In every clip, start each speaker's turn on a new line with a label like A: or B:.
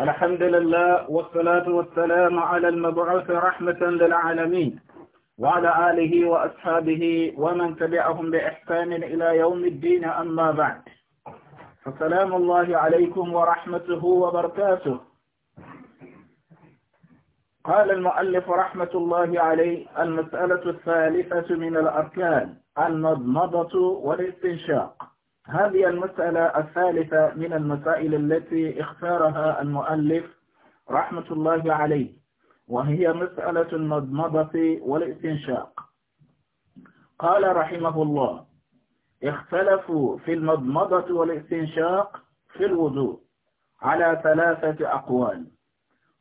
A: الحمد لله والصلاة والسلام على المبعوث رحمة للعالمين وعلى آله وأصحابه ومن تبعهم بإحسان إلى يوم الدين أما بعد فسلام الله عليكم ورحمته وبركاته قال المؤلف رحمة الله عليه المسألة الثالثة من الأركان المضمضة والاستنشاق هذه المسألة الثالثة من المسائل التي اختارها المؤلف رحمة الله عليه وهي مسألة المضمضة والاستنشاق قال رحمه الله اختلفوا في المضمضة والاستنشاق في الوضوء على ثلاثة أقوال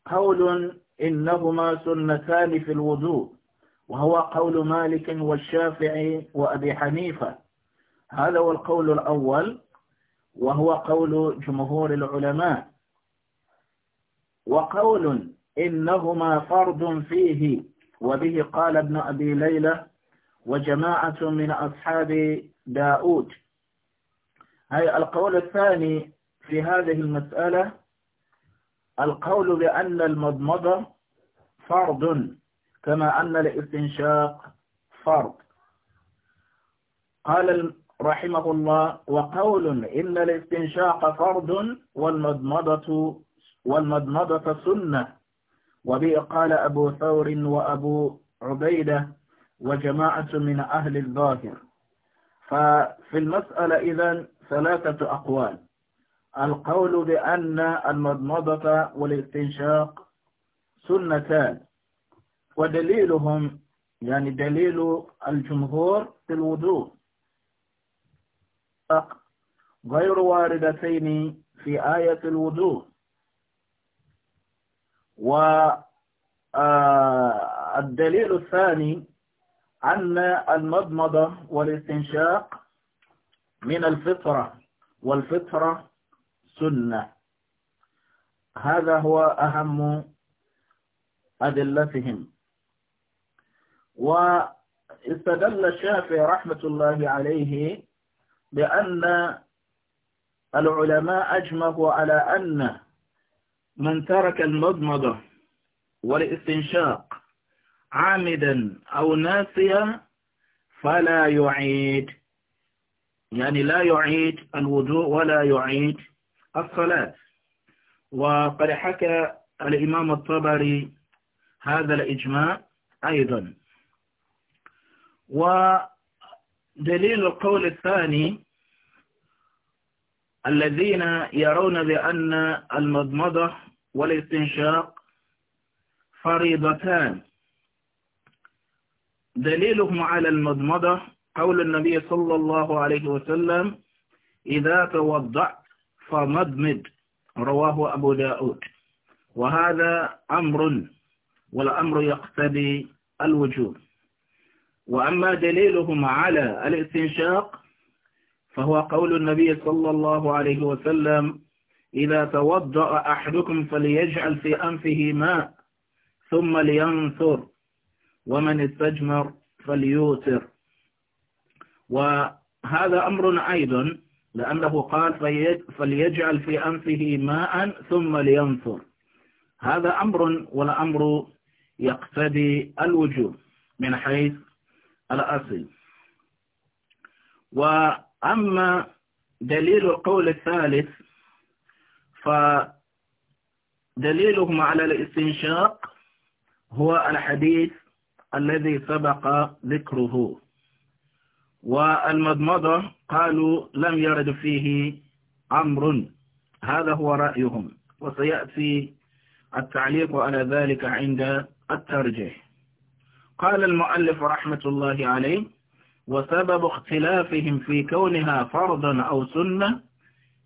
A: قول إنهما سنتان في الوضوء وهو قول مالك والشافعي وأبي حنيفة هذا هو القول الأول وهو قول جمهور العلماء وقول إنهما فرض فيه وبه قال ابن أبي ليلى وجماعة من أصحاب داود أي القول الثاني في هذه المسألة القول بأن المضمضة فرض كما أن الاستنشاق فرض قال رحمه الله وقول إن الاستنشاق فرض والمضمضة والمضمضة سنة وبه قال أبو ثور وأبو عبيدة وجماعة من أهل الظاهر ففي المسألة إذا ثلاثة أقوال القول بأن المضمضة والاستنشاق سنتان ودليلهم يعني دليل الجمهور في الوضوء غير واردتين في آية الوجوه والدليل آه، الثاني أن المضمضة والاستنشاق من الفطرة والفطرة سنة هذا هو أهم أدلتهم واستدل الشافعي رحمة الله عليه بأن العلماء أجمعوا على أن من ترك المضمضة والاستنشاق عامدا أو ناسيا فلا يعيد يعني لا يعيد الوضوء ولا يعيد الصلاة وقد حكى الإمام الطبري هذا الإجماع أيضا و دليل القول الثاني الذين يرون بأن المضمضة والاستنشاق فريضتان دليلهم على المضمضة قول النبي صلى الله عليه وسلم إذا توضعت فمضمد رواه أبو داود وهذا أمر والأمر يقتضي الوجوب وأما دليلهم على الاستنشاق فهو قول النبي صلى الله عليه وسلم إذا توضأ أحدكم فليجعل في أنفه ماء ثم لينثر ومن استجمر فليوتر وهذا أمر أيضا لأنه قال فليجعل في أنفه ماء ثم لينثر هذا أمر ولا أمر يقتضي الوجوب من حيث الأصل وأما دليل القول الثالث فدليلهم على الاستنشاق هو الحديث الذي سبق ذكره والمضمضة قالوا لم يرد فيه أمر هذا هو رأيهم وسيأتي التعليق على ذلك عند الترجيح قال المؤلف رحمة الله عليه وسبب اختلافهم في كونها فرضا أو سنة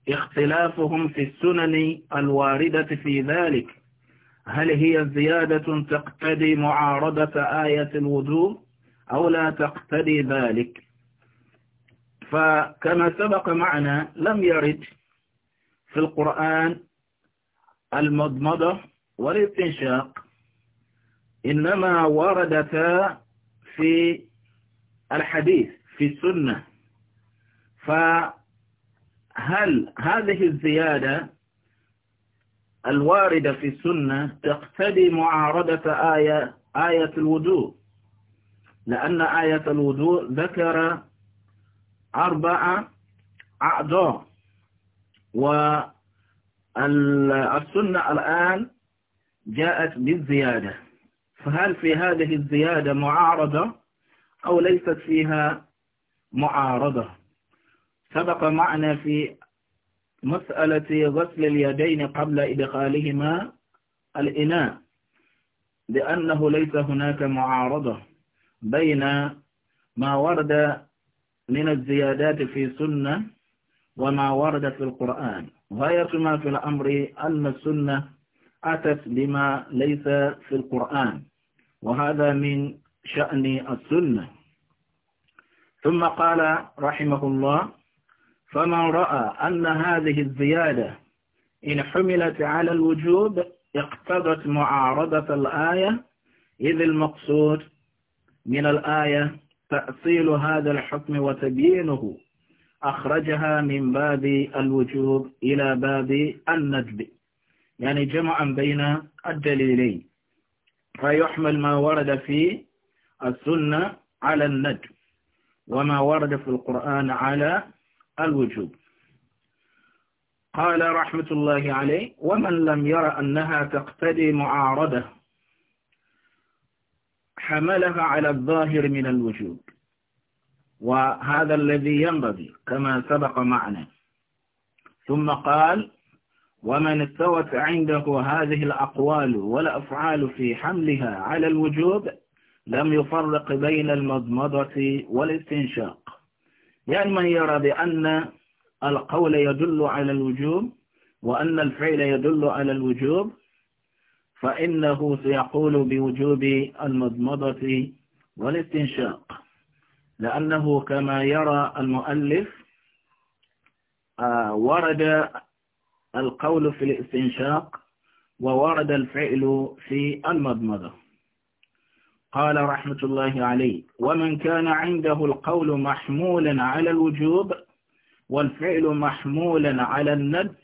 A: اختلافهم في السنن الواردة في ذلك هل هي زيادة تقتدي معارضة آية الوجوب أو لا تقتدي ذلك فكما سبق معنا لم يرد في القرآن المضمضة والاستنشاق إنما وردتا في الحديث في السنة فهل هذه الزيادة الواردة في السنة تقتدي معارضة آية آية الوضوء لأن آية الوضوء ذكر أربع أعضاء والسنة الآن جاءت بالزيادة فهل في هذه الزيادة معارضة أو ليست فيها معارضة سبق معنا في مسألة غسل اليدين قبل إدخالهما الإناء لأنه ليس هناك معارضة بين ما ورد من الزيادات في سنة وما ورد في القرآن غاية ما في الأمر أن السنة أتت بما ليس في القرآن وهذا من شأن السنة ثم قال رحمه الله فمن رأى أن هذه الزيادة إن حملت على الوجوب اقتضت معارضة الآية إذ المقصود من الآية تأصيل هذا الحكم وتبيينه أخرجها من باب الوجوب إلى باب الندب يعني جمعا بين الدليلين فيحمل ما ورد في السنة على الندب وما ورد في القرآن على الوجوب قال رحمة الله عليه ومن لم يرى أنها تقتدي معارضة حملها على الظاهر من الوجوب وهذا الذي ينبغي كما سبق معنا ثم قال ومن استوت عنده هذه الأقوال والأفعال في حملها على الوجوب لم يفرق بين المضمضة والاستنشاق يعني من يرى بأن القول يدل على الوجوب وأن الفعل يدل على الوجوب فإنه سيقول بوجوب المضمضة والاستنشاق لأنه كما يرى المؤلف آه، ورد القول في الاستنشاق وورد الفعل في المضمضة قال رحمة الله عليه ومن كان عنده القول محمولا على الوجوب والفعل محمولا على الند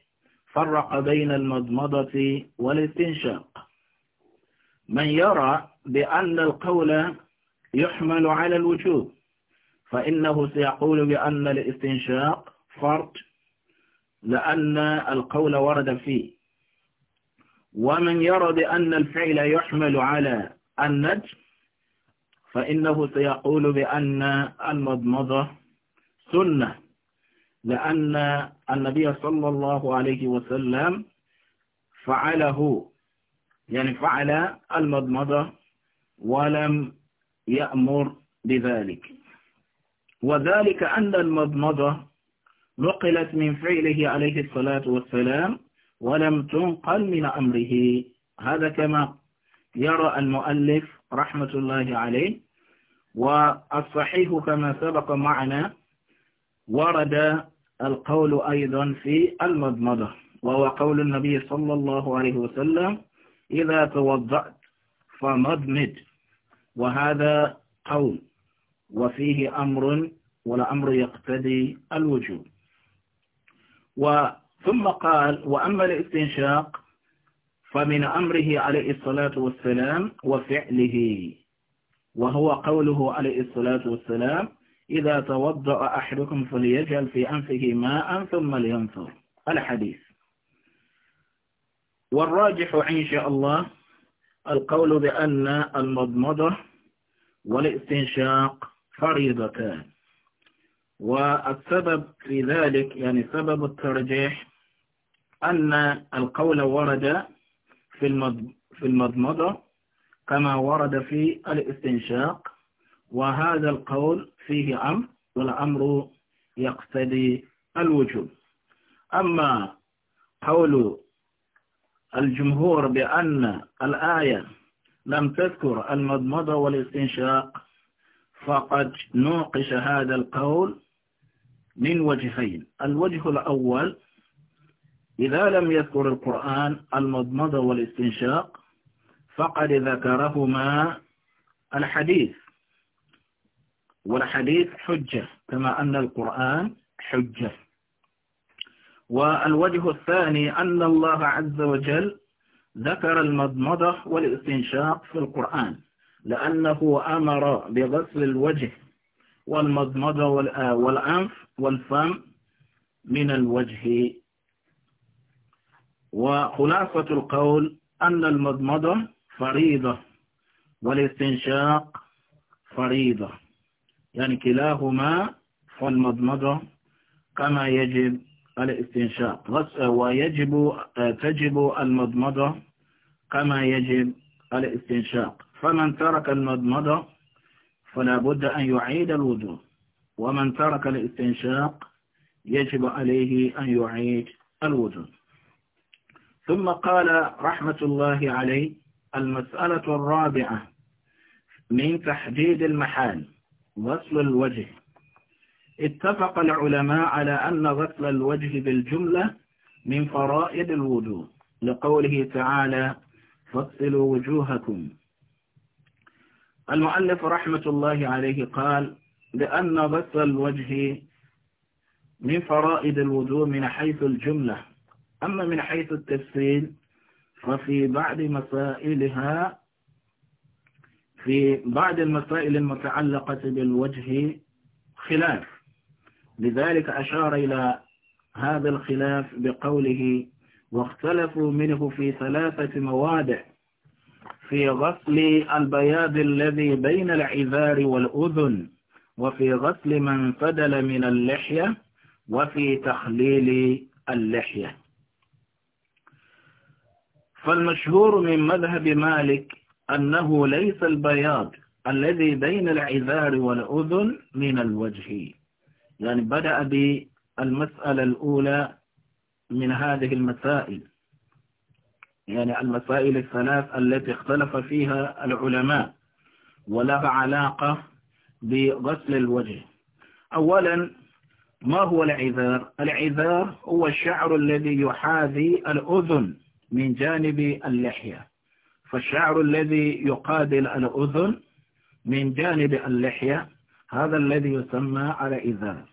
A: فرق بين المضمضة والاستنشاق من يرى بأن القول يحمل على الوجوب فإنه سيقول بأن الاستنشاق فرض لأن القول ورد فيه ومن يرى بأن الفعل يحمل على النجم فإنه سيقول بأن المضمضة سنة لأن النبي صلى الله عليه وسلم فعله يعني فعل المضمضة ولم يأمر بذلك وذلك أن المضمضة نقلت من فعله عليه الصلاة والسلام ولم تنقل من أمره هذا كما يرى المؤلف رحمة الله عليه والصحيح كما سبق معنا ورد القول أيضا في المضمضة وهو قول النبي صلى الله عليه وسلم إذا توضأت فمضمد وهذا قول وفيه أمر والأمر يقتدي الوجوب ثم قال وأما الاستنشاق فمن أمره عليه الصلاة والسلام وفعله وهو قوله عليه الصلاة والسلام إذا توضأ أحدكم فليجعل في أنفه ماء ثم لينثر الحديث والراجح إن شاء الله القول بأن المضمضة والاستنشاق فريضتان والسبب في ذلك يعني سبب الترجيح أن القول ورد في في المضمضة كما ورد في الاستنشاق وهذا القول فيه أمر والأمر يقتضي الوجوب أما قول الجمهور بأن الآية لم تذكر المضمضة والاستنشاق فقد نوقش هذا القول من وجهين الوجه الأول إذا لم يذكر القرآن المضمضة والاستنشاق فقد ذكرهما الحديث والحديث حجة كما أن القرآن حجة والوجه الثاني أن الله عز وجل ذكر المضمضة والاستنشاق في القرآن لأنه أمر بغسل الوجه والمضمضة والأنف آه، والفم من الوجه وخلاصة القول أن المضمضة فريضة والاستنشاق فريضة يعني كلاهما فالمضمضة كما يجب الاستنشاق ويجب آه، تجب المضمضة كما يجب الاستنشاق فمن ترك المضمضة فلا بد أن يعيد الوضوء ومن ترك الاستنشاق يجب عليه أن يعيد الوضوء ثم قال رحمة الله عليه المسألة الرابعة من تحديد المحال غسل الوجه اتفق العلماء على أن غسل الوجه بالجملة من فرائض الوضوء لقوله تعالى فصلوا وجوهكم المؤلف رحمة الله عليه قال لأن بث الوجه من فرائد الوضوء من حيث الجملة أما من حيث التفصيل ففي بعض مسائلها في بعض المسائل المتعلقة بالوجه خلاف لذلك أشار إلى هذا الخلاف بقوله واختلفوا منه في ثلاثة موادع في غسل البياض الذي بين العذار والأذن وفي غسل من فدل من اللحية وفي تخليل اللحية فالمشهور من مذهب مالك أنه ليس البياض الذي بين العذار والأذن من الوجه يعني بدأ بالمسألة الأولى من هذه المسائل يعني المسائل الثلاث التي اختلف فيها العلماء ولها علاقة بغسل الوجه أولا ما هو العذار العذار هو الشعر الذي يحاذي الأذن من جانب اللحية فالشعر الذي يقابل الأذن من جانب اللحية هذا الذي يسمى على عذار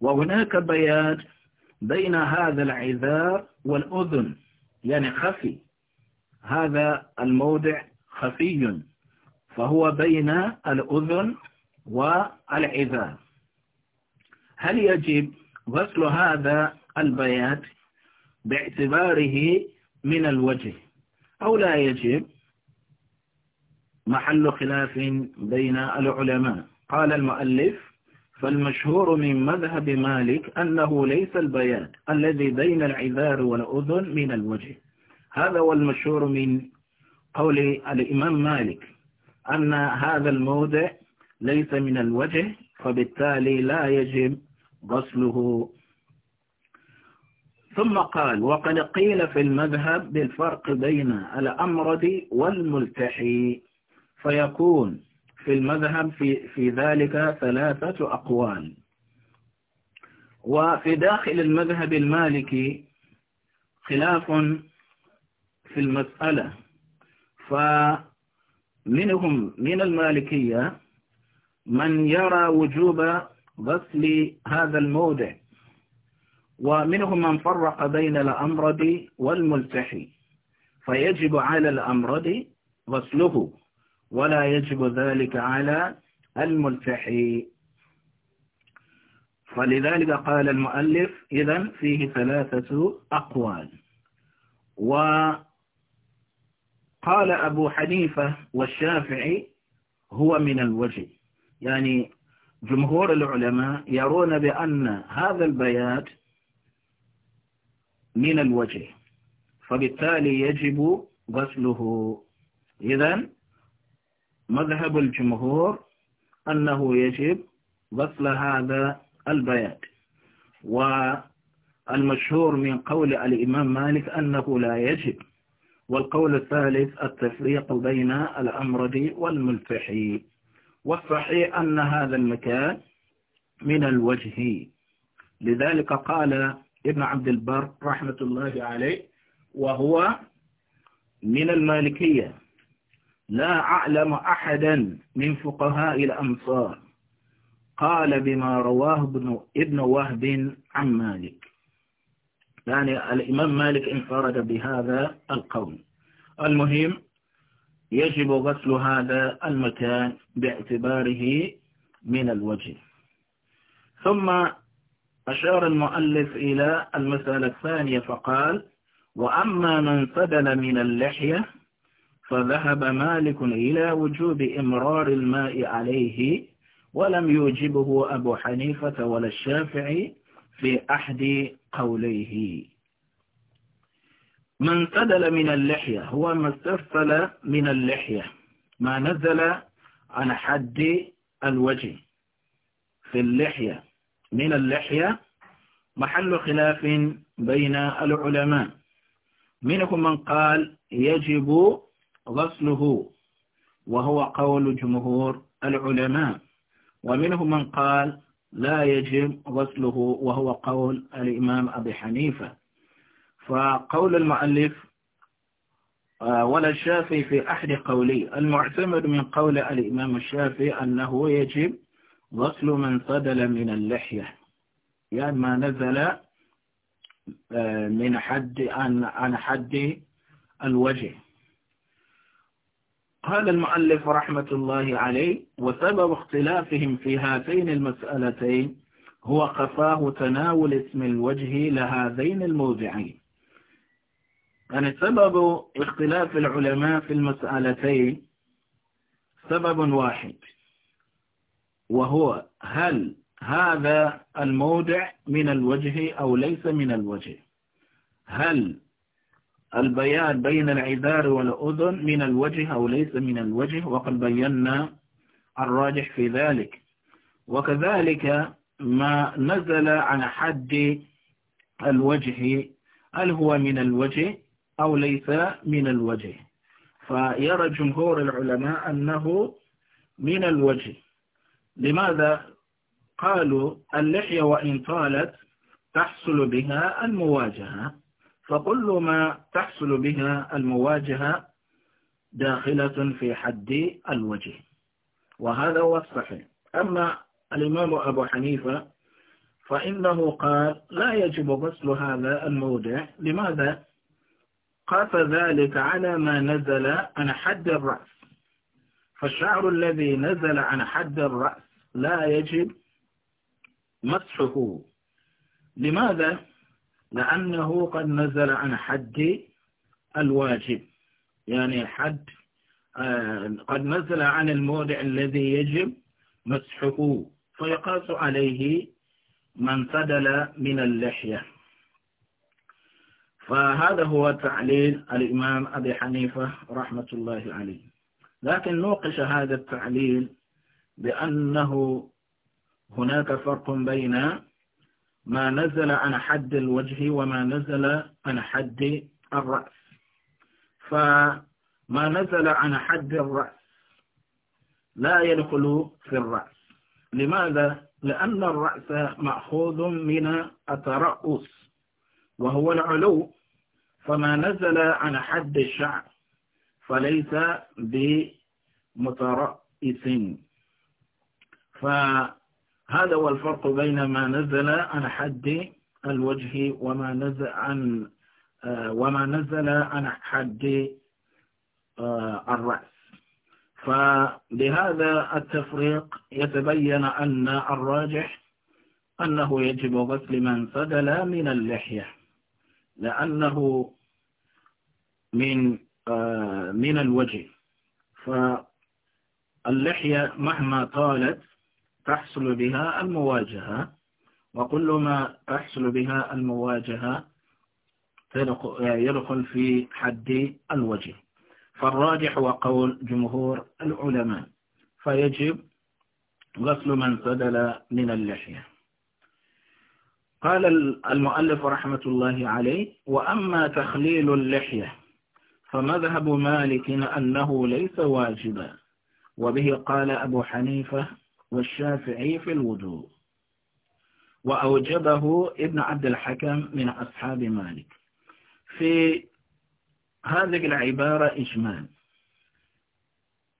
A: وهناك بيان بين هذا العذار والأذن يعني خفي هذا الموضع خفي فهو بين الأذن والعذاب هل يجب غسل هذا البيات باعتباره من الوجه أو لا يجب محل خلاف بين العلماء قال المؤلف فالمشهور من مذهب مالك أنه ليس البيات الذي بين العذار والأذن من الوجه هذا هو المشهور من قول الإمام مالك أن هذا الموضع ليس من الوجه فبالتالي لا يجب غسله ثم قال وقد قيل في المذهب بالفرق بين الأمرد والملتحي فيكون في المذهب في, في ذلك ثلاثة أقوال وفي داخل المذهب المالكي خلاف في المسألة فمنهم من المالكية من يرى وجوب غسل هذا الموضع ومنهم من فرق بين الأمرد والملتحي فيجب على الأمرد غسله ولا يجب ذلك على الملتحي فلذلك قال المؤلف إذا فيه ثلاثة أقوال وعلى قال أبو حنيفة والشافعي هو من الوجه يعني جمهور العلماء يرون بأن هذا البيات من الوجه فبالتالي يجب غسله إذا مذهب الجمهور أنه يجب غسل هذا البيات والمشهور من قول الإمام مالك أنه لا يجب والقول الثالث التفريق بين الأمرد والملفحي والصحيح أن هذا المكان من الوجه لذلك قال ابن عبد البر رحمة الله عليه وهو من المالكية لا أعلم أحدا من فقهاء الأمصار قال بما رواه ابن وهب عن مالك يعني الإمام مالك انفرد بهذا القول المهم يجب غسل هذا المكان باعتباره من الوجه ثم أشار المؤلف إلى المسألة الثانية فقال وأما من سدل من اللحية فذهب مالك إلى وجوب إمرار الماء عليه ولم يوجبه أبو حنيفة ولا الشافعي في أحد قوليه من سدل من اللحية هو ما استفل من اللحية ما نزل عن حد الوجه في اللحية من اللحية محل خلاف بين العلماء منكم من قال يجب غسله وهو قول جمهور العلماء ومنهم من قال لا يجب غسله وهو قول الإمام أبي حنيفة فقول المؤلف آه، ولا الشافي في أحد قولي المعتمد من قول الإمام الشافي أنه يجب غسل من صدل من اللحية يعني ما نزل آه، من حد عن حد الوجه قال المؤلف رحمة الله عليه وسبب اختلافهم في هاتين المسألتين هو قفاه تناول اسم الوجه لهذين الموضعين يعني سبب اختلاف العلماء في المسألتين سبب واحد وهو هل هذا الموضع من الوجه أو ليس من الوجه هل البيان بين العذار والأذن من الوجه أو ليس من الوجه وقد بينا الراجح في ذلك وكذلك ما نزل عن حد الوجه هل هو من الوجه أو ليس من الوجه فيرى جمهور العلماء أنه من الوجه لماذا قالوا اللحية وإن طالت تحصل بها المواجهة فكل ما تحصل بها المواجهة داخلة في حد الوجه وهذا هو الصحيح أما الإمام أبو حنيفة فإنه قال لا يجب غسل هذا الموضع لماذا؟ قاس ذلك على ما نزل عن حد الرأس فالشعر الذي نزل عن حد الرأس لا يجب مسحه لماذا؟ لأنه قد نزل عن حد الواجب يعني حد آه، قد نزل عن الموضع الذي يجب مسحه فيقاس عليه من سدل من اللحية فهذا هو تعليل الإمام أبي حنيفة رحمة الله عليه لكن نوقش هذا التعليل بأنه هناك فرق بين ما نزل عن حد الوجه وما نزل عن حد الرأس فما نزل عن حد الرأس لا يدخل في الرأس لماذا؟ لأن الرأس مأخوذ من الترأس وهو العلو فما نزل عن حد الشعر فليس بمترأس فما هذا هو الفرق بين ما نزل عن حد الوجه وما نزل عن آه، وما نزل عن حد آه، الرأس فلهذا التفريق يتبين أن الراجح أنه يجب غسل من صدل من اللحية لأنه من آه، من الوجه فاللحية مهما طالت تحصل بها المواجهة وكل ما تحصل بها المواجهة يدخل في حد الوجه فالراجح هو قول جمهور العلماء فيجب غسل من سدل من اللحية قال المؤلف رحمة الله عليه وأما تخليل اللحية فمذهب مالك أنه ليس واجبا وبه قال أبو حنيفة والشافعي في الوضوء وأوجبه ابن عبد الحكم من أصحاب مالك في هذه العبارة إجمال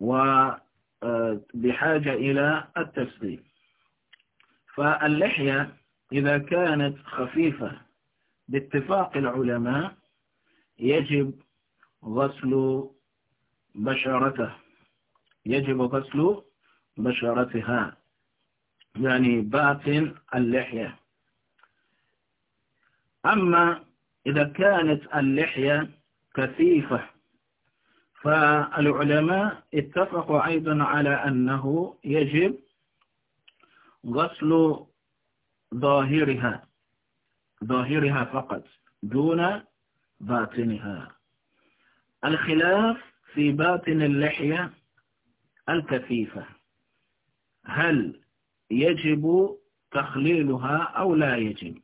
A: وبحاجة آه، إلى التفصيل فاللحية إذا كانت خفيفة باتفاق العلماء يجب غسل بشرته يجب غسل بشرتها يعني باطن اللحية أما إذا كانت اللحية كثيفة فالعلماء اتفقوا أيضا على أنه يجب غسل ظاهرها ظاهرها فقط دون باطنها الخلاف في باطن اللحية الكثيفة هل يجب تخليلها أو لا يجب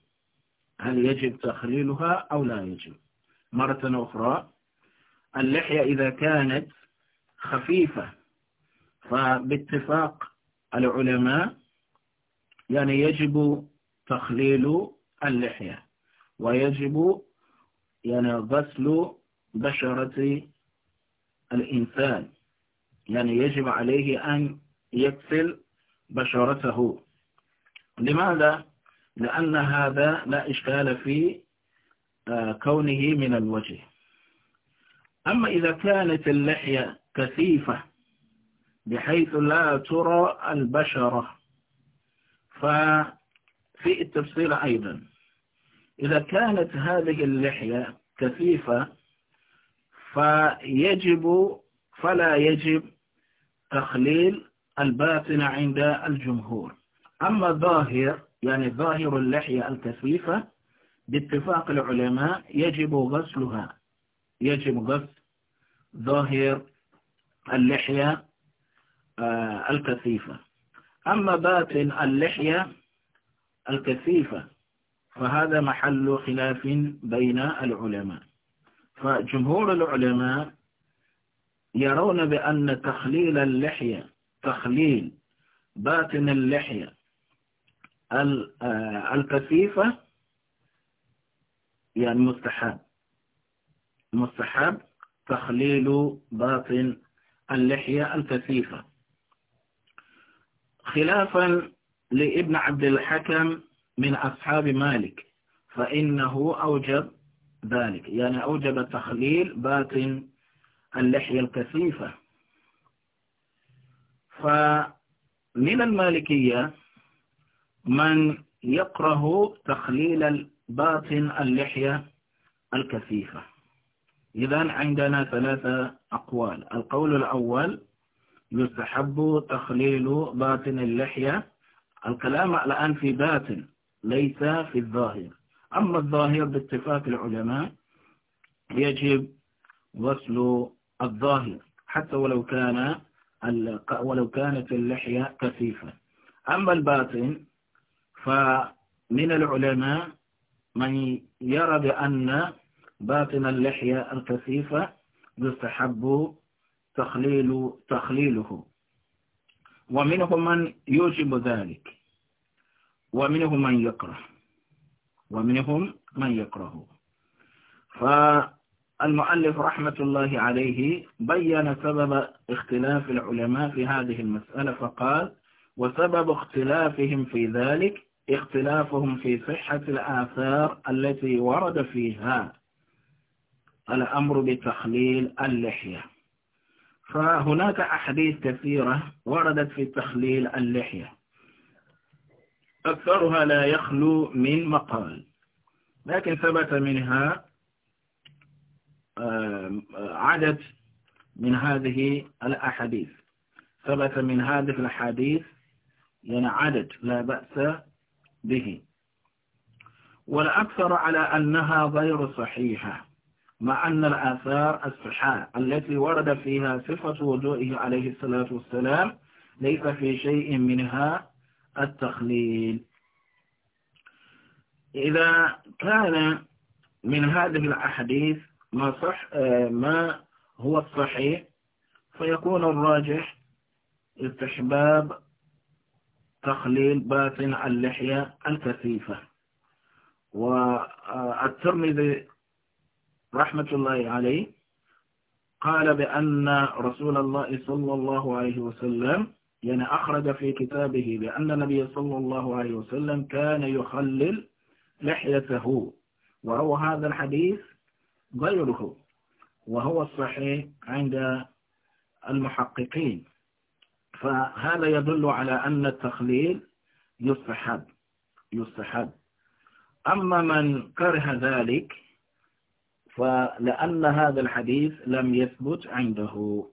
A: هل يجب تخليلها أو لا يجب مرة أخرى اللحية إذا كانت خفيفة فباتفاق العلماء يعني يجب تخليل اللحية ويجب يعني غسل بشرة الإنسان يعني يجب عليه أن يغسل بشرته لماذا؟ لأن هذا لا إشكال في آه، كونه من الوجه أما إذا كانت اللحية كثيفة بحيث لا ترى البشرة ففي التفصيل أيضا إذا كانت هذه اللحية كثيفة فيجب فلا يجب تخليل الباطنة عند الجمهور أما ظاهر يعني ظاهر اللحية الكثيفة باتفاق العلماء يجب غسلها يجب غسل ظاهر اللحية آه، الكثيفة أما باطن اللحية الكثيفة فهذا محل خلاف بين العلماء فجمهور العلماء يرون بأن تخليل اللحية التخليل باطن اللحية آه، الكثيفة يعني مستحب مستحب تخليل باطن اللحية الكثيفة خلافا لابن عبد الحكم من أصحاب مالك فإنه أوجب ذلك يعني أوجب تخليل باطن اللحية الكثيفة فمن المالكية من يكره تخليل الباطن اللحية الكثيفة إذا عندنا ثلاثة أقوال القول الأول يستحب تخليل باطن اللحية الكلام الآن في باطن ليس في الظاهر أما الظاهر باتفاق العلماء يجب غسل الظاهر حتى ولو كان ولو كانت اللحية كثيفة أما الباطن فمن العلماء من يرى بأن باطن اللحية الكثيفة يستحب تخليل تخليله ومنهم من يوجب ذلك ومنهم من يكره ومنهم من يكره ف المؤلف رحمة الله عليه بين سبب اختلاف العلماء في هذه المسألة فقال وسبب اختلافهم في ذلك اختلافهم في صحة الآثار التي ورد فيها الأمر بتخليل اللحية فهناك أحاديث كثيرة وردت في تخليل اللحية أكثرها لا يخلو من مقال لكن ثبت منها آه، عدد من هذه الأحاديث ثبت من هذه الأحاديث يعني عدد لا بأس به والأكثر على أنها غير صحيحة مع أن الآثار الصحاح التي ورد فيها صفة وجوئه عليه الصلاة والسلام ليس في شيء منها التخليل إذا كان من هذه الأحاديث ما صح آه، ما هو الصحيح فيكون الراجح استحباب تخليل باطن اللحية الكثيفة والترمذي آه، رحمة الله عليه قال بأن رسول الله صلى الله عليه وسلم يعني أخرج في كتابه بأن النبي صلى الله عليه وسلم كان يخلل لحيته وروى هذا الحديث غيره وهو الصحيح عند المحققين فهذا يدل على أن التخليل يستحب يستحب أما من كره ذلك فلأن هذا الحديث لم يثبت عنده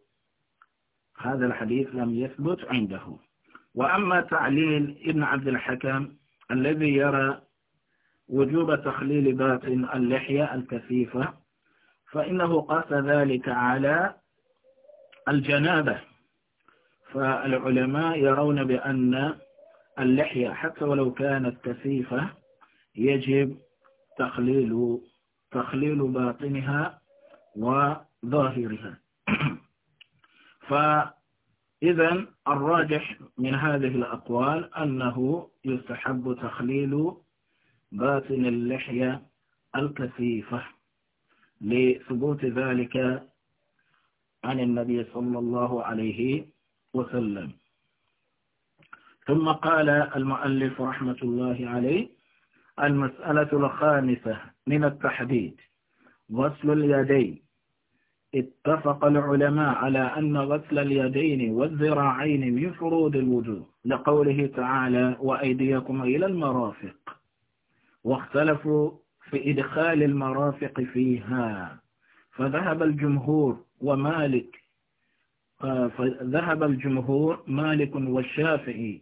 A: هذا الحديث لم يثبت عنده وأما تعليل ابن عبد الحكم الذي يرى وجوب تخليل باطن اللحية الكثيفة فإنه قاس ذلك على الجنابة فالعلماء يرون بأن اللحية حتى ولو كانت كثيفة يجب تخليل تخليل باطنها وظاهرها فإذا الراجح من هذه الأقوال أنه يستحب تخليل باطن اللحية الكثيفة لثبوت ذلك عن النبي صلى الله عليه وسلم ثم قال المؤلف رحمة الله عليه المسألة الخامسة من التحديد غسل اليدين اتفق العلماء على أن غسل اليدين والذراعين من فروض الوجوه لقوله تعالى وأيديكم إلى المرافق واختلفوا في إدخال المرافق فيها فذهب الجمهور ومالك فذهب الجمهور مالك والشافعي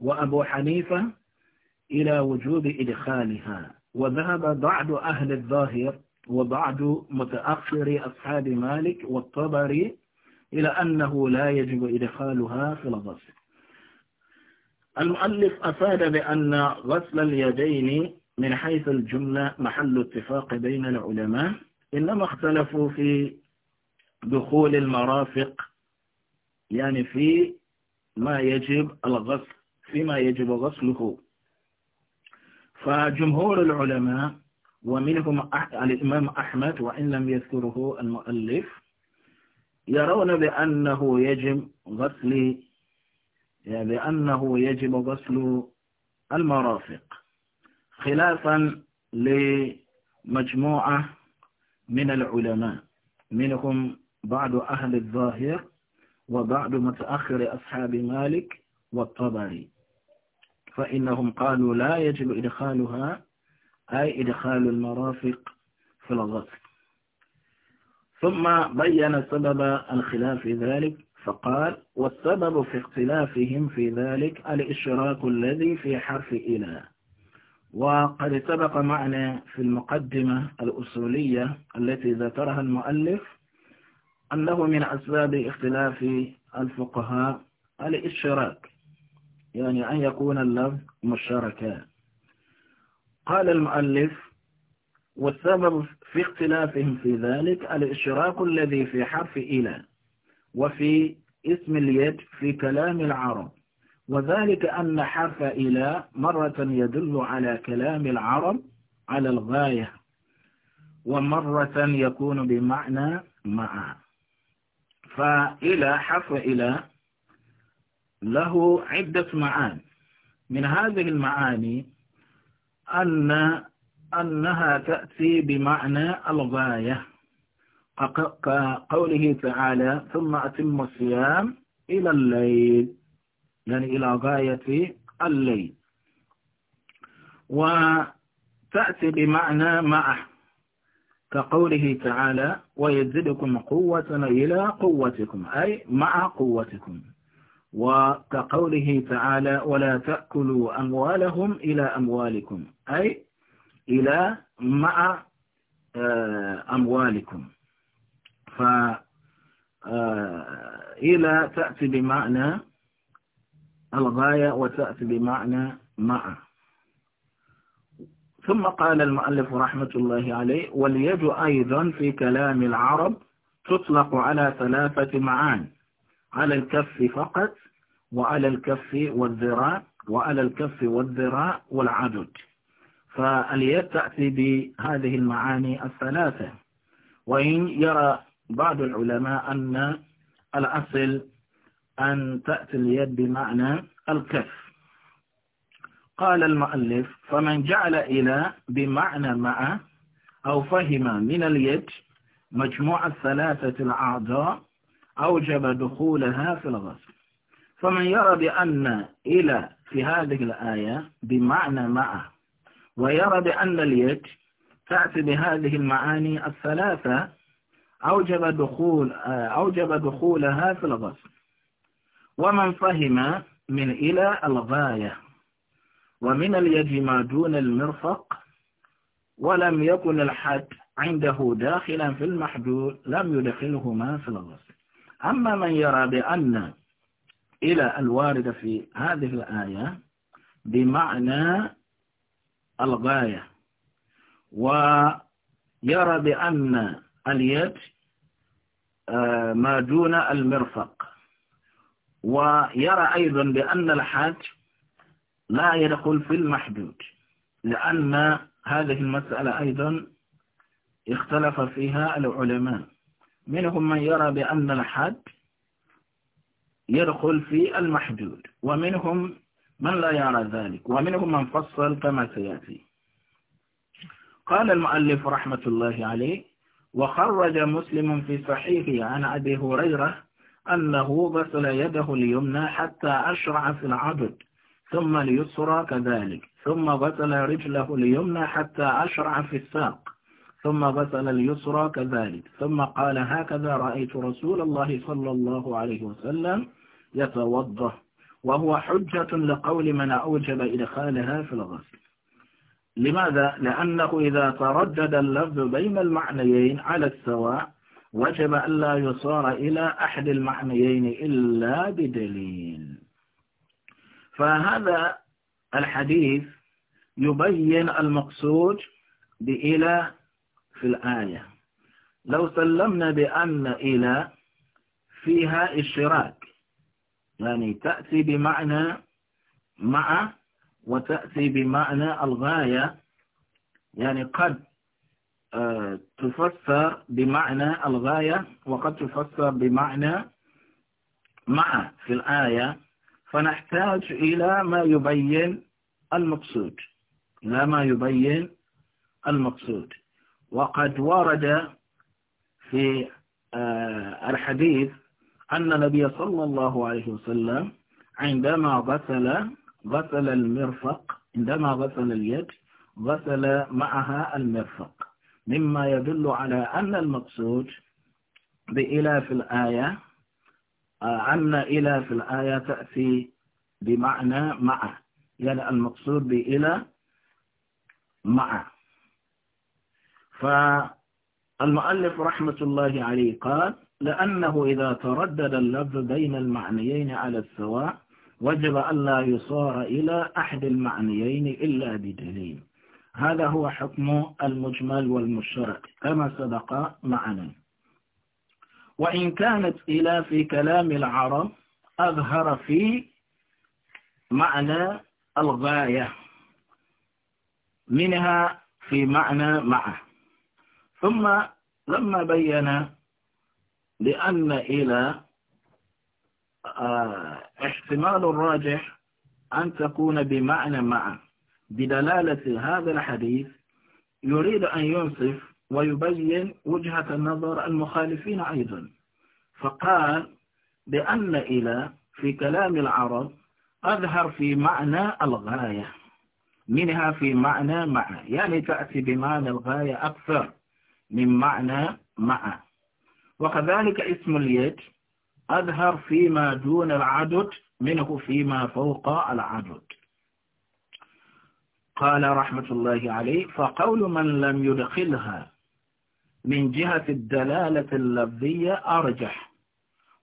A: وأبو حنيفة إلى وجوب إدخالها وذهب بعض أهل الظاهر وبعض متأخر أصحاب مالك والطبري إلى أنه لا يجب إدخالها في الغسل المؤلف أفاد بأن غسل اليدين من حيث الجملة محل اتفاق بين العلماء إنما اختلفوا في دخول المرافق يعني في ما يجب الغسل فيما يجب غسله فجمهور العلماء ومنهم الإمام أحمد وإن لم يذكره المؤلف يرون بأنه يجب غسل يعني بأنه يجب غسل المرافق خلافا لمجموعة من العلماء منهم بعض أهل الظاهر وبعض متأخر أصحاب مالك والطبري فإنهم قالوا لا يجب إدخالها أي إدخال المرافق في الغسل ثم بين سبب الخلاف في ذلك فقال والسبب في اختلافهم في ذلك الإشراك الذي في حرف إله وقد سبق معنا في المقدمة الأصولية التي ذكرها المؤلف أنه من أسباب اختلاف الفقهاء الاشتراك يعني أن يكون اللفظ مشتركا قال المؤلف والسبب في اختلافهم في ذلك الاشتراك الذي في حرف إلى وفي اسم اليد في كلام العرب وذلك أن حرف إلى مرة يدل على كلام العرب على الغاية ومرة يكون بمعنى مع فإلى حرف إلى له عدة معاني من هذه المعاني أن أنها تأتي بمعنى الغاية كقوله تعالى ثم أتم الصيام إلى الليل يعني إلى غاية الليل وتأتي بمعنى معه كقوله تعالى ويزدكم قوة إلى قوتكم أي مع قوتكم وكقوله تعالى ولا تأكلوا أموالهم إلى أموالكم أي إلى مع آه، أموالكم ف آه، إلى تأتي بمعنى الغاية وتأتي بمعنى مع ثم قال المؤلف رحمة الله عليه واليد أيضا في كلام العرب تطلق على ثلاثة معان على الكف فقط وعلى الكف والذراع وعلى الكف والذراع والعدد فاليد تأتي بهذه المعاني الثلاثة وإن يرى بعض العلماء أن الأصل أن تأتي اليد بمعنى الكف قال المؤلف فمن جعل إلى بمعنى مع أو فهم من اليد مجموع الثلاثة الأعضاء أوجب دخولها في الغسل فمن يرى بأن إلى في هذه الآية بمعنى مع ويرى بأن اليد تأتي بهذه المعاني الثلاثة أوجب دخول أوجب دخولها في الغسل ومن فهم من إلى الغاية ومن اليد ما دون المرفق ولم يكن الحد عنده داخلا في المحدود لم يدخلهما في الغسل أما من يرى بأن إلى الواردة في هذه الآية بمعنى الغاية ويرى بأن اليد آه، ما دون المرفق ويرى أيضا بأن الحاج لا يدخل في المحدود لأن هذه المسألة أيضا اختلف فيها العلماء منهم من يرى بأن الحاج يدخل في المحدود ومنهم من لا يرى ذلك ومنهم من فصل كما سيأتي قال المؤلف رحمة الله عليه وخرج مسلم في صحيحه عن أبي هريرة أنه غسل يده اليمنى حتى أشرع في العضد ثم اليسرى كذلك ثم غسل رجله اليمنى حتى أشرع في الساق ثم غسل اليسرى كذلك ثم قال هكذا رأيت رسول الله صلى الله عليه وسلم يتوضه وهو حجة لقول من أوجب إدخالها في الغسل لماذا؟ لأنه إذا تردد اللفظ بين المعنيين على السواء وجب أن لا يصار إلى أحد المعنيين إلا بدليل فهذا الحديث يبين المقصود بإلى في الآية لو سلمنا بأن إلى فيها اشتراك يعني تأتي بمعنى مع وتأتي بمعنى الغاية يعني قد تفسر بمعنى الغاية وقد تفسر بمعنى مع في الآية فنحتاج إلى ما يبين المقصود لا ما يبين المقصود وقد ورد في آه، الحديث أن النبي صلى الله عليه وسلم عندما غسل غسل المرفق عندما غسل اليد غسل معها المرفق مما يدل على أن المقصود بإلى في الآية أن إلى في الآية تأتي بمعنى مع يعني المقصود بإلى مع فالمؤلف رحمة الله عليه قال لأنه إذا تردد اللفظ بين المعنيين على السواء وجب أن لا يصار إلى أحد المعنيين إلا بدليل هذا هو حكم المجمل والمشترك كما سبق معنا وإن كانت إلى في كلام العرب أظهر في معنى الغاية منها في معنى معه ثم لما بين لأن إلى آه، احتمال الراجح أن تكون بمعنى معه بدلالة هذا الحديث يريد أن ينصف ويبين وجهة النظر المخالفين أيضا فقال بأن إلى في كلام العرب أظهر في معنى الغاية منها في معنى مع يعني تأتي بمعنى الغاية أكثر من معنى مع وكذلك اسم اليد أظهر فيما دون العدد منه فيما فوق العدد قال رحمة الله عليه فقول من لم يدخلها من جهة الدلالة اللفظية أرجح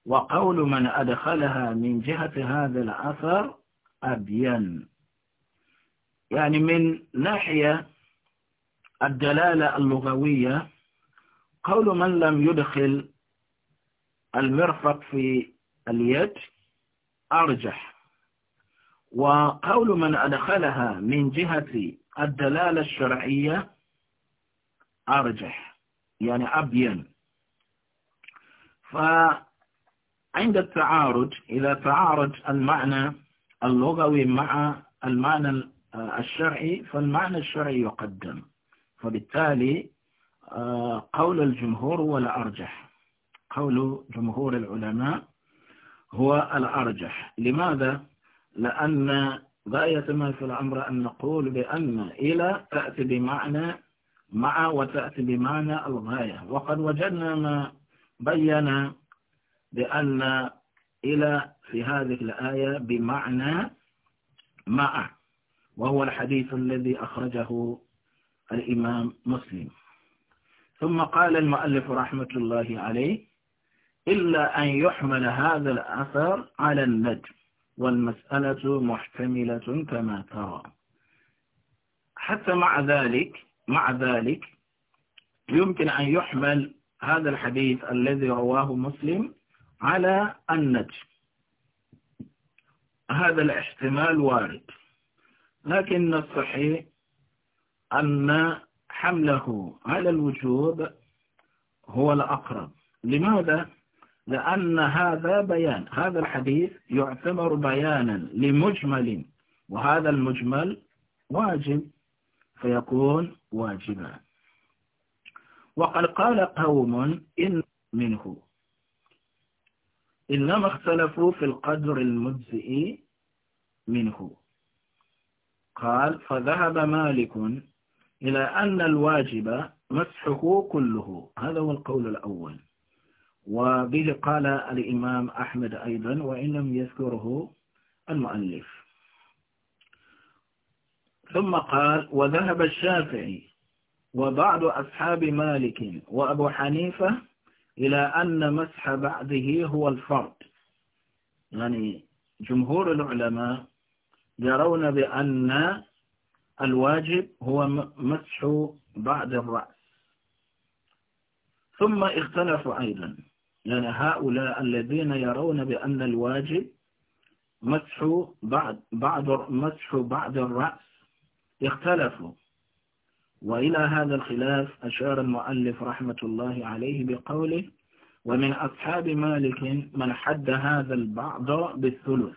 A: وقول من أدخلها من جهة هذا الأثر أبين يعني من ناحية الدلالة اللغوية قول من لم يدخل المرفق في اليد أرجح وقول من أدخلها من جهة الدلالة الشرعية أرجح يعني أبين فعند التعارض إذا تعارض المعنى اللغوي مع المعنى الشرعي فالمعنى الشرعي يقدم فبالتالي آه، قول الجمهور هو الأرجح قول جمهور العلماء هو الأرجح لماذا؟ لأن غاية ما في الأمر أن نقول بأن إلى تأتي بمعنى مع وتأتي بمعنى الغاية وقد وجدنا ما بين بأن إلى في هذه الآية بمعنى مع وهو الحديث الذي أخرجه الإمام مسلم ثم قال المؤلف رحمة الله عليه إلا أن يحمل هذا الأثر على النجم والمسألة محتملة كما ترى حتى مع ذلك مع ذلك يمكن أن يحمل هذا الحديث الذي رواه مسلم على النجم هذا الاحتمال وارد لكن الصحيح أن حمله على الوجوب هو الأقرب لماذا؟ لأن هذا بيان هذا الحديث يعتبر بيانا لمجمل وهذا المجمل واجب فيكون واجبا وقد قال قوم إن منه إنما اختلفوا في القدر المجزئ منه قال فذهب مالك إلى أن الواجب مسحه كله هذا هو القول الأول وبه قال الإمام أحمد أيضا وإن لم يذكره المؤلف ثم قال وذهب الشافعي وبعض أصحاب مالك وأبو حنيفة إلى أن مسح بعضه هو الفرد يعني جمهور العلماء يرون بأن الواجب هو مسح بعد الرأس ثم اختلفوا أيضا لأن هؤلاء الذين يرون بأن الواجب مسح بعض بعض مسح بعض الرأس اختلفوا وإلى هذا الخلاف أشار المؤلف رحمة الله عليه بقوله ومن أصحاب مالك من حد هذا البعض بالثلث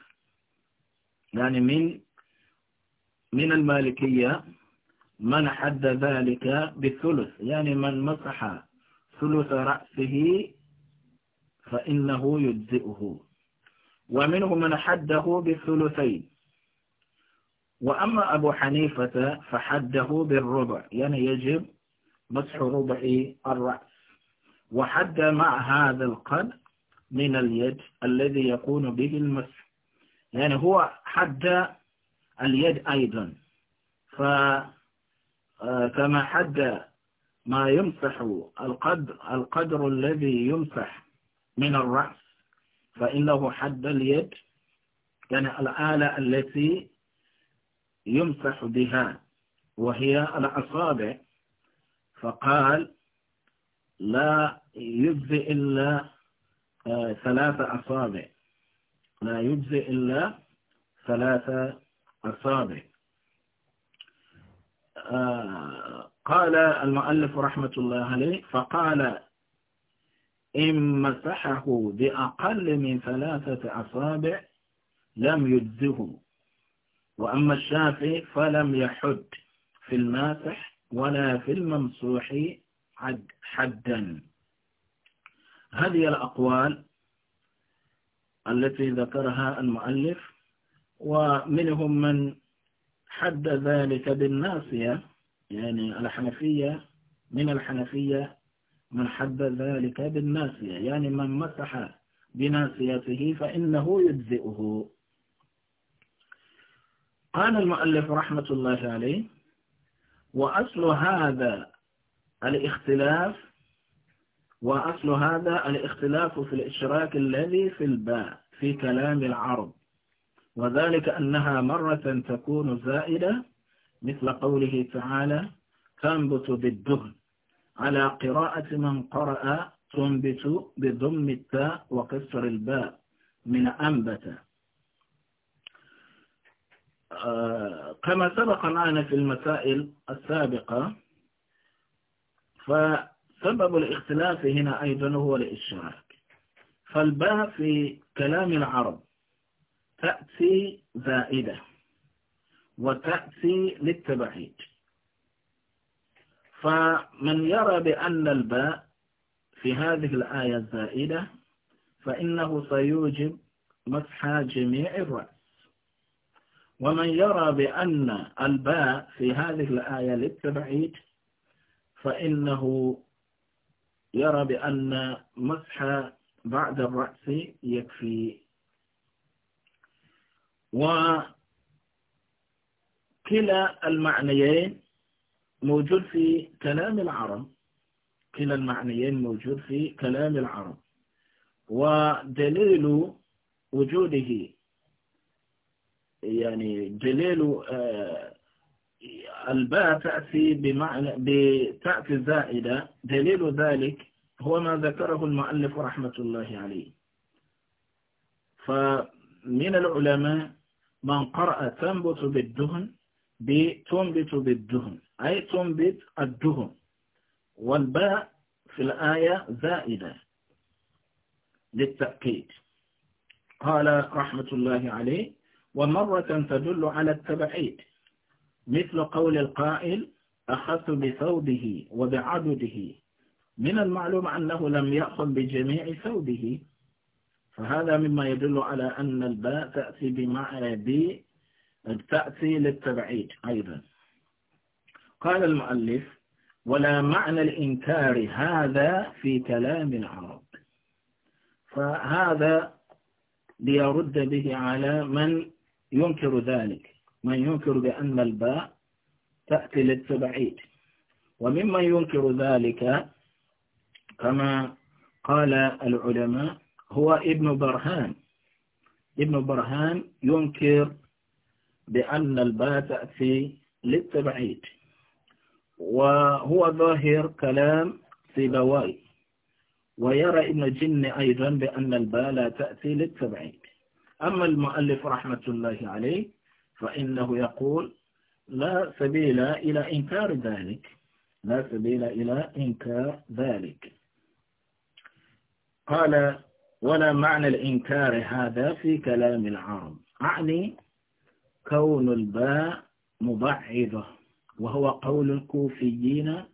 A: يعني من من المالكية من حد ذلك بالثلث يعني من مسح ثلث رأسه فإنه يجزئه ومنه من حده بالثلثين وأما أبو حنيفة فحده بالربع يعني يجب مسح ربع الرأس وحد مع هذا القد من اليد الذي يكون به المسح يعني هو حد اليد أيضا فكما حد ما يمسح القدر, القدر الذي يمسح من الرأس فإنه حد اليد يعني الآلة التي يمسح بها وهي الأصابع فقال لا يجزي آه، إلا ثلاث أصابع لا آه، يجزي إلا ثلاث أصابع قال المؤلف رحمة الله عليه فقال إن مسحه بأقل من ثلاثة أصابع لم يجزه وأما الشافعي فلم يحد في الماسح ولا في الممسوح حدا هذه الأقوال التي ذكرها المؤلف ومنهم من حد ذلك بالناصية يعني الحنفية من الحنفية من حب ذلك بالناسية يعني من مسح بناسيته فإنه يجزئه قال المؤلف رحمة الله عليه وأصل هذا الاختلاف وأصل هذا الاختلاف في الإشراك الذي في الباء في كلام العرب وذلك أنها مرة تكون زائدة مثل قوله تعالى تنبت بالدهن على قراءة من قرأ تنبت بضم التاء وكسر الباء من أنبت آه، كما سبق معنا في المسائل السابقة فسبب الاختلاف هنا أيضا هو الإشراك فالباء في كلام العرب تأتي زائدة وتأتي للتبعيد فمن يرى بأن الباء في هذه الآية الزائدة فإنه سيوجب مسح جميع الرأس ومن يرى بأن الباء في هذه الآية للتبعيد فإنه يرى بأن مسح بعد الرأس يكفي وكلا المعنيين موجود في كلام العرب كلا المعنيين موجود في كلام العرب ودليل وجوده يعني دليل آه، الباء تأتي بمعنى بتأتي زائدة دليل ذلك هو ما ذكره المؤلف رحمة الله عليه فمن العلماء من قرأ تنبت بالدهن بتنبت بالدهن أي تنبت الدهن والباء في الآية زائدة للتأكيد قال رحمة الله عليه ومرة تدل على التبعيد مثل قول القائل أخذت بثوبه وبعدده من المعلوم أنه لم يأخذ بجميع ثوبه فهذا مما يدل على أن الباء تأتي بمعنى تأتي للتبعيد أيضا قال المؤلف ولا معنى الإنكار هذا في كلام العرب فهذا ليرد به على من ينكر ذلك من ينكر بأن الباء تأتي للتبعيد وممن ينكر ذلك كما قال العلماء هو ابن برهان ابن برهان ينكر بأن الباء تأتي للتبعيد وهو ظاهر كلام سيبوي ويرى ابن جن أيضا بأن الباء لا تأتي للتبعيد أما المؤلف رحمة الله عليه فإنه يقول لا سبيل إلى إنكار ذلك لا سبيل إلى إنكار ذلك قال ولا معنى الإنكار هذا في كلام العرب أعني كون الباء مبعضة وهو قول الكوفيين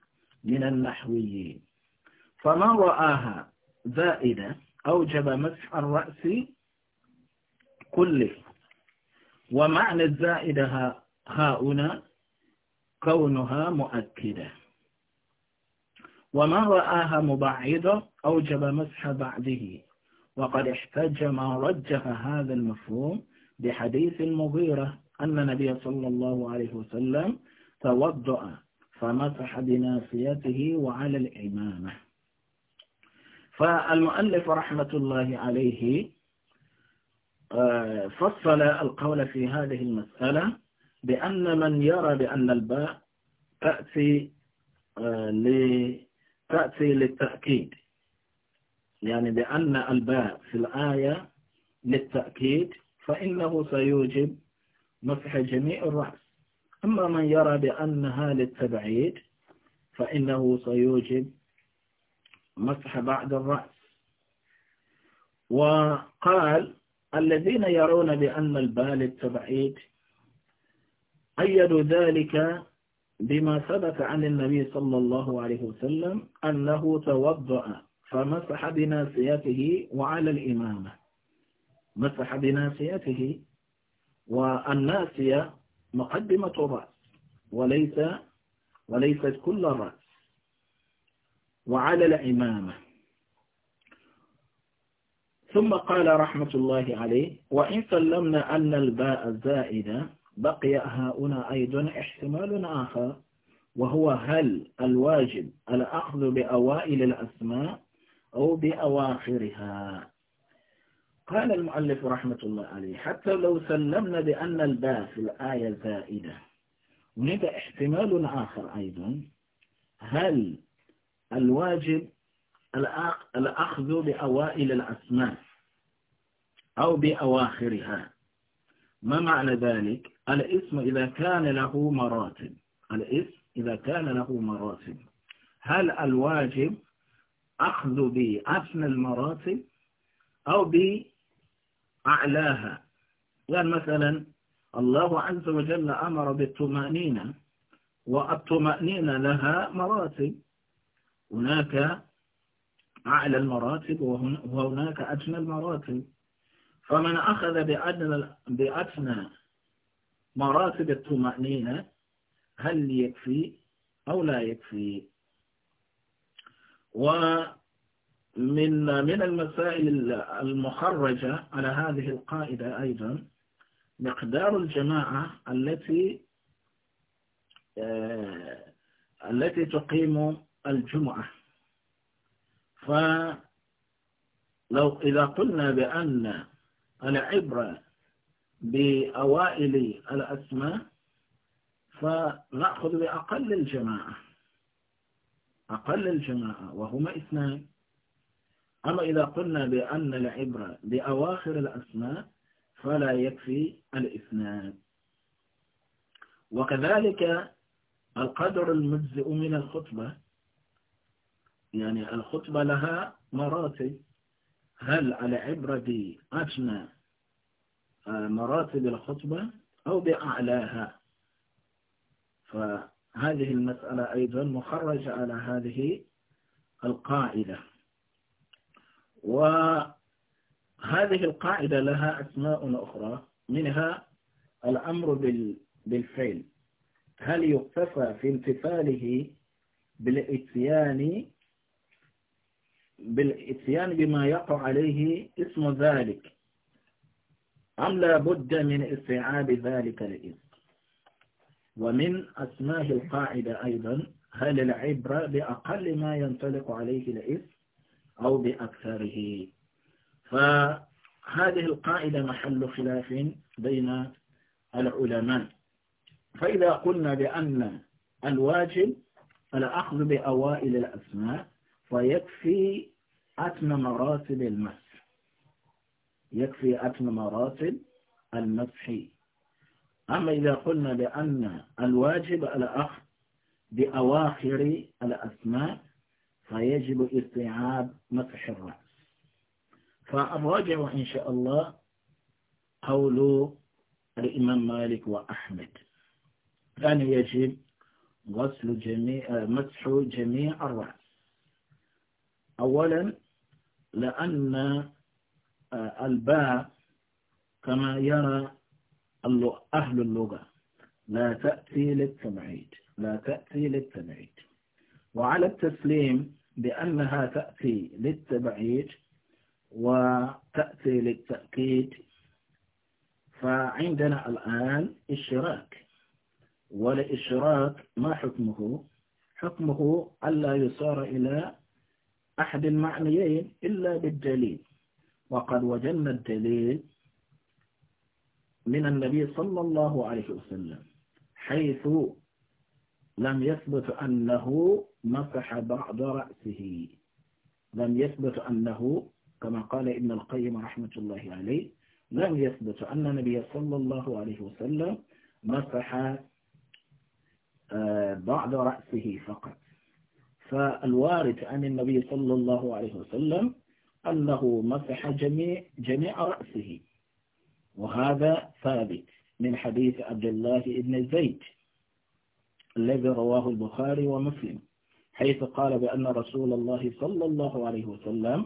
A: من النحويين فمن رآها زائدة أوجب مسح الرأس كله ومعنى الزائدة هاؤنا كونها مؤكدة ومن رآها مبعضة أوجب مسح بعده وقد احتج ما رجح هذا المفهوم بحديث المغيرة أن النبي صلى الله عليه وسلم توضأ فمسح بناصيته وعلى الإمامة فالمؤلف رحمة الله عليه آه، فصل القول في هذه المسألة بأن من يرى بأن الباء تأتي آه، تأتي للتأكيد يعني بأن الباء في الآية للتأكيد فإنه سيوجب مسح جميع الرأس أما من يرى بأنها للتبعيد فإنه سيوجب مسح بعد الرأس وقال الذين يرون بأن البال التبعيد أيدوا ذلك بما ثبت عن النبي صلى الله عليه وسلم أنه توضأ فمسح بناسيته وعلى الإمامة مسح بناسيته والناسية مقدمة الرأس وليس وليست كل الرأس وعلى الإمامة ثم قال رحمة الله عليه وإن سلمنا أن الباء الزائدة بقي هنا أيضا احتمال آخر وهو هل الواجب الأخذ بأوائل الأسماء أو بأواخرها قال المؤلف رحمة الله عليه حتى لو سلمنا بأن الباء في الآية زائدة هناك احتمال آخر أيضا هل الواجب الأخذ بأوائل الأسماء أو بأواخرها ما معنى ذلك الاسم إذا كان له مراتب الاسم إذا كان له مراتب هل الواجب أخذ بأثنى المراتب أو بأواخرها أعلاها يعني مثلا الله عز وجل أمر بالطمأنينة والطمأنينة لها مراتب هناك أعلى المراتب وهناك أدنى المراتب فمن أخذ بأدنى, بأدنى مراتب الطمأنينة هل يكفي أو لا يكفي و من من المسائل المخرجة على هذه القاعدة أيضا مقدار الجماعة التي آه، التي تقيم الجمعة فلو إذا قلنا بأن العبرة بأوائل الأسماء فنأخذ بأقل الجماعة أقل الجماعة وهما اثنان أما إذا قلنا بأن العبرة بأواخر الأسماء فلا يكفي الإثنان وكذلك القدر المجزئ من الخطبة يعني الخطبة لها مراتب هل على عبرة بأجنى مراتب الخطبة أو بأعلاها فهذه المسألة أيضا مخرجة على هذه القاعدة وهذه القاعدة لها أسماء أخرى منها الأمر بالفعل هل يقتفى في امتثاله بالإتيان بالإتيان بما يقع عليه اسم ذلك أم لا بد من استيعاب ذلك الاسم ومن أسماء القاعدة أيضا هل العبرة بأقل ما ينطلق عليه الاسم أو بأكثره فهذه القاعدة محل خلاف بين العلماء فإذا قلنا بأن الواجب الأخذ بأوائل الأسماء فيكفي أتم مراتب المسح يكفي أتم مراتب المسح أما إذا قلنا بأن الواجب الأخذ بأواخر الأسماء فيجب استيعاب مسح الرأس فالراجع إن شاء الله قول الإمام مالك وأحمد أن يجب غسل جميع مسح جميع الرأس أولا لأن آه، الباء كما يرى أهل اللغة لا تأتي للتبعيد لا تأتي للتبعيد وعلى التسليم بأنها تأتي للتبعيد وتأتي للتأكيد فعندنا الآن إشراك ولإشراك ما حكمه حكمه ألا يصار إلى أحد المعنيين إلا بالدليل وقد وجدنا الدليل من النبي صلى الله عليه وسلم حيث لم يثبت أنه مسح بعض رأسه لم يثبت أنه كما قال ابن القيم رحمة الله عليه لم يثبت أن النبي صلى الله عليه وسلم مسح آه، بعض رأسه فقط فالوارد عن النبي صلى الله عليه وسلم أنه مسح جميع, جميع رأسه وهذا ثابت من حديث عبد الله بن زيد الذي رواه البخاري ومسلم حيث قال بأن رسول الله صلى الله عليه وسلم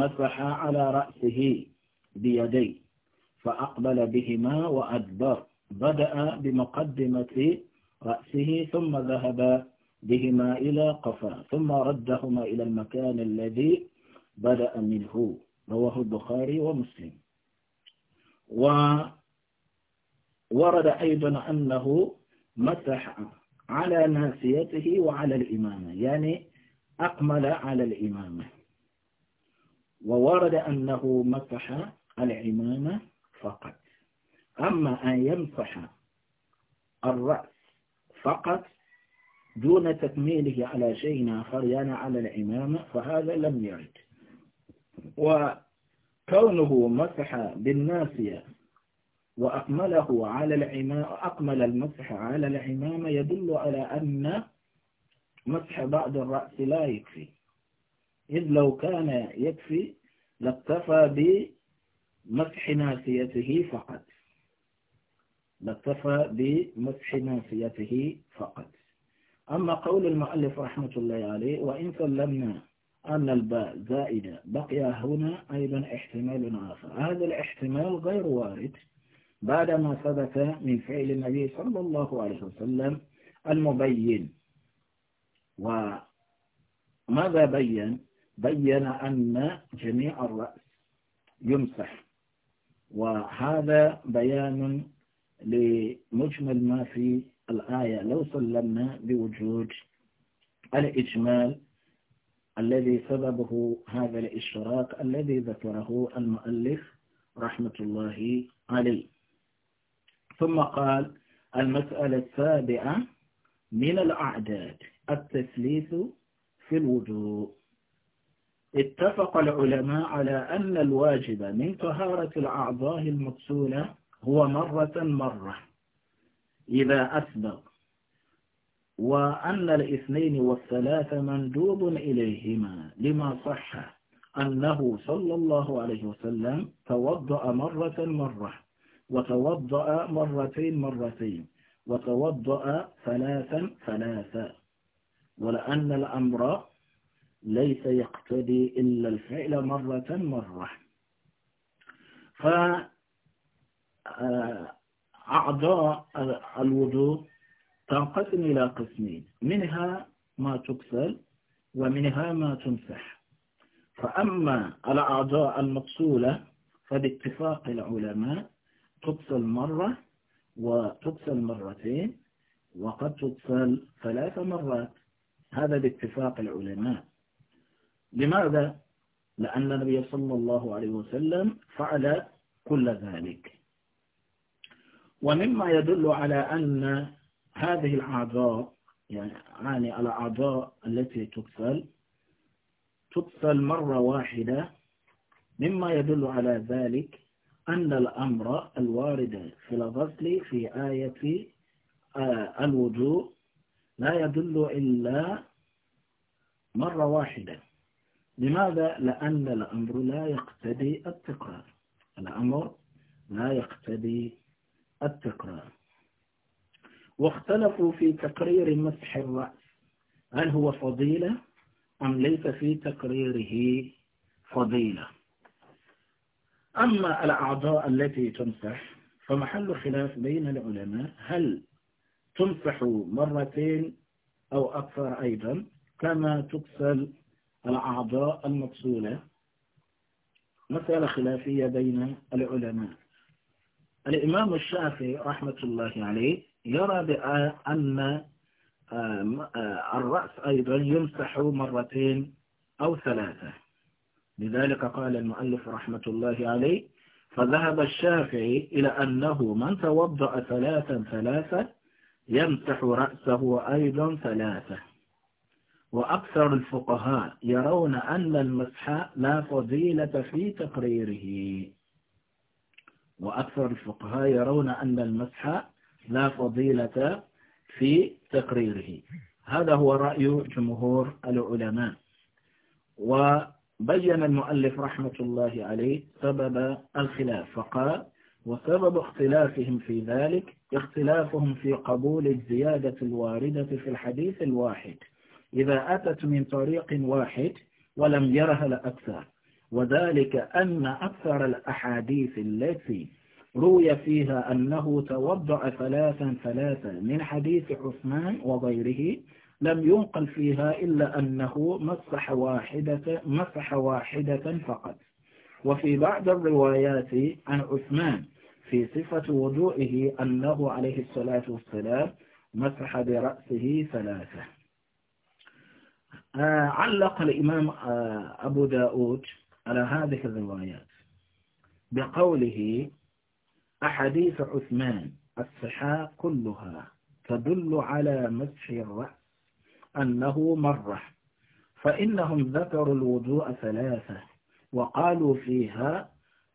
A: مسح على رأسه بيديه فأقبل بهما وأدبر بدأ بمقدمة رأسه ثم ذهب بهما إلى قفا ثم ردهما إلى المكان الذي بدأ منه رواه البخاري ومسلم وورد أيضا أنه مسح على ناسيته وعلى الإمامة يعني أقمل على الإمامة وورد أنه مسح العمامة فقط أما أن يمسح الرأس فقط دون تكميله على شيء آخر يعني على العمامة فهذا لم يرد وكونه مسح بالناسية وأقمله على العمامة أقمل المسح على العمامة يدل على أن مسح بعض الرأس لا يكفي إذ لو كان يكفي لاكتفى بمسح ناسيته فقط لاكتفى بمسح ناسيته فقط أما قول المؤلف رحمة الله عليه وإن سلمنا أن الباء زائدة بقي هنا أيضا احتمال آخر هذا الاحتمال غير وارد بعد ما ثبت من فعل النبي صلى الله عليه وسلم المبين وماذا بين؟ بين أن جميع الرأس يمسح وهذا بيان لمجمل ما في الآية لو سلمنا بوجود الإجمال الذي سببه هذا الإشراك الذي ذكره المؤلف رحمة الله عليه ثم قال المسألة السابعة من الأعداد التثليث في الوضوء اتفق العلماء على أن الواجب من طهارة الأعضاء المغسولة هو مرة مرة إذا أسبق وأن الاثنين والثلاثة مندوب إليهما لما صح أنه صلى الله عليه وسلم توضأ مرة مرة وتوضأ مرتين مرتين وتوضأ ثلاثا ثلاثا ولأن الأمر ليس يقتضي إلا الفعل مرة مرة فأعضاء آه، الوضوء تنقسم إلى قسمين منها ما تكسل ومنها ما تمسح فأما الأعضاء المقصولة فباتفاق العلماء تفصل مرة وتفصل مرتين وقد تفصل ثلاث مرات هذا باتفاق العلماء لماذا؟ لأن النبي صلى الله عليه وسلم فعل كل ذلك ومما يدل على أن هذه الأعضاء يعني الأعضاء التي تفصل تفصل مرة واحدة مما يدل على ذلك أن الأمر الوارد في الغسل في آية آه، الوجوء لا يدل إلا مرة واحدة لماذا؟ لأن الأمر لا يقتدي التكرار الأمر لا يقتدي التكرار واختلفوا في تقرير مسح الرأس هل هو فضيلة أم ليس في تقريره فضيلة أما الأعضاء التي تمسح فمحل خلاف بين العلماء هل تمسح مرتين أو أكثر أيضا كما تكسل الأعضاء المقصولة مسألة خلافية بين العلماء الإمام الشافعي رحمة الله عليه يرى بأن آه، آه، الرأس أيضا يمسح مرتين أو ثلاثة لذلك قال المؤلف رحمة الله عليه فذهب الشافعي إلى أنه من توضأ ثلاثا ثلاثا يمسح رأسه أيضا ثلاثة وأكثر الفقهاء يرون أن المسح لا فضيلة في تقريره وأكثر الفقهاء يرون أن المسح لا فضيلة في تقريره هذا هو رأي جمهور العلماء وعلى بين المؤلف رحمة الله عليه سبب الخلاف فقال وسبب اختلافهم في ذلك اختلافهم في قبول الزيادة الواردة في الحديث الواحد إذا أتت من طريق واحد ولم يرها لأكثر وذلك أن أكثر الأحاديث التي روي فيها أنه توضأ ثلاثا ثلاثا من حديث عثمان وغيره لم ينقل فيها إلا أنه مسح واحدة, مسح واحدة فقط وفي بعض الروايات عن عثمان في صفة وضوئه أنه عليه الصلاة والسلام مسح برأسه ثلاثة آه، علق الإمام آه، أبو داود على هذه الروايات بقوله أحاديث عثمان الصحاء كلها تدل على مسح الرأس أنه مرة فإنهم ذكروا الوضوء ثلاثة وقالوا فيها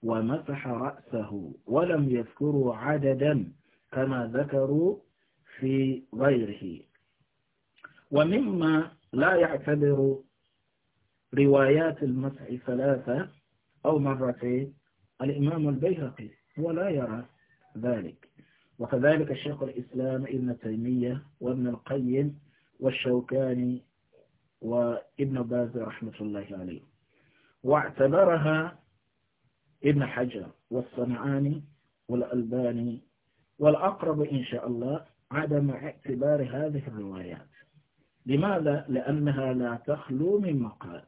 A: ومسح رأسه ولم يذكروا عددا كما ذكروا في غيره ومما لا يعتبر روايات المسح ثلاثة أو مرتين الإمام البيهقي ولا يرى ذلك وكذلك الشيخ الإسلام ابن تيمية وابن القيم والشوكاني وابن باز رحمة الله عليه واعتبرها ابن حجر والصنعاني والألباني والأقرب إن شاء الله عدم اعتبار هذه الروايات لماذا؟ لأنها لا تخلو من مقال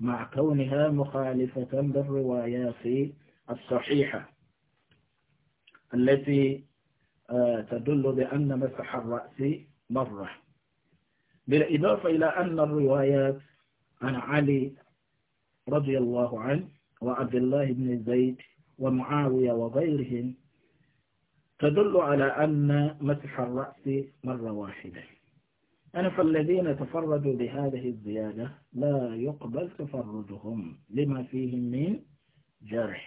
A: مع كونها مخالفة للروايات الصحيحة التي آه، تدل بأن مسح الرأس مرة بالإضافة إلى أن الروايات عن علي رضي الله عنه وعبد الله بن زيد ومعاوية وغيرهم تدل على أن مسح الرأس مرة واحدة أنا فالذين تفردوا بهذه الزيادة لا يقبل تفردهم لما فيهم من جرح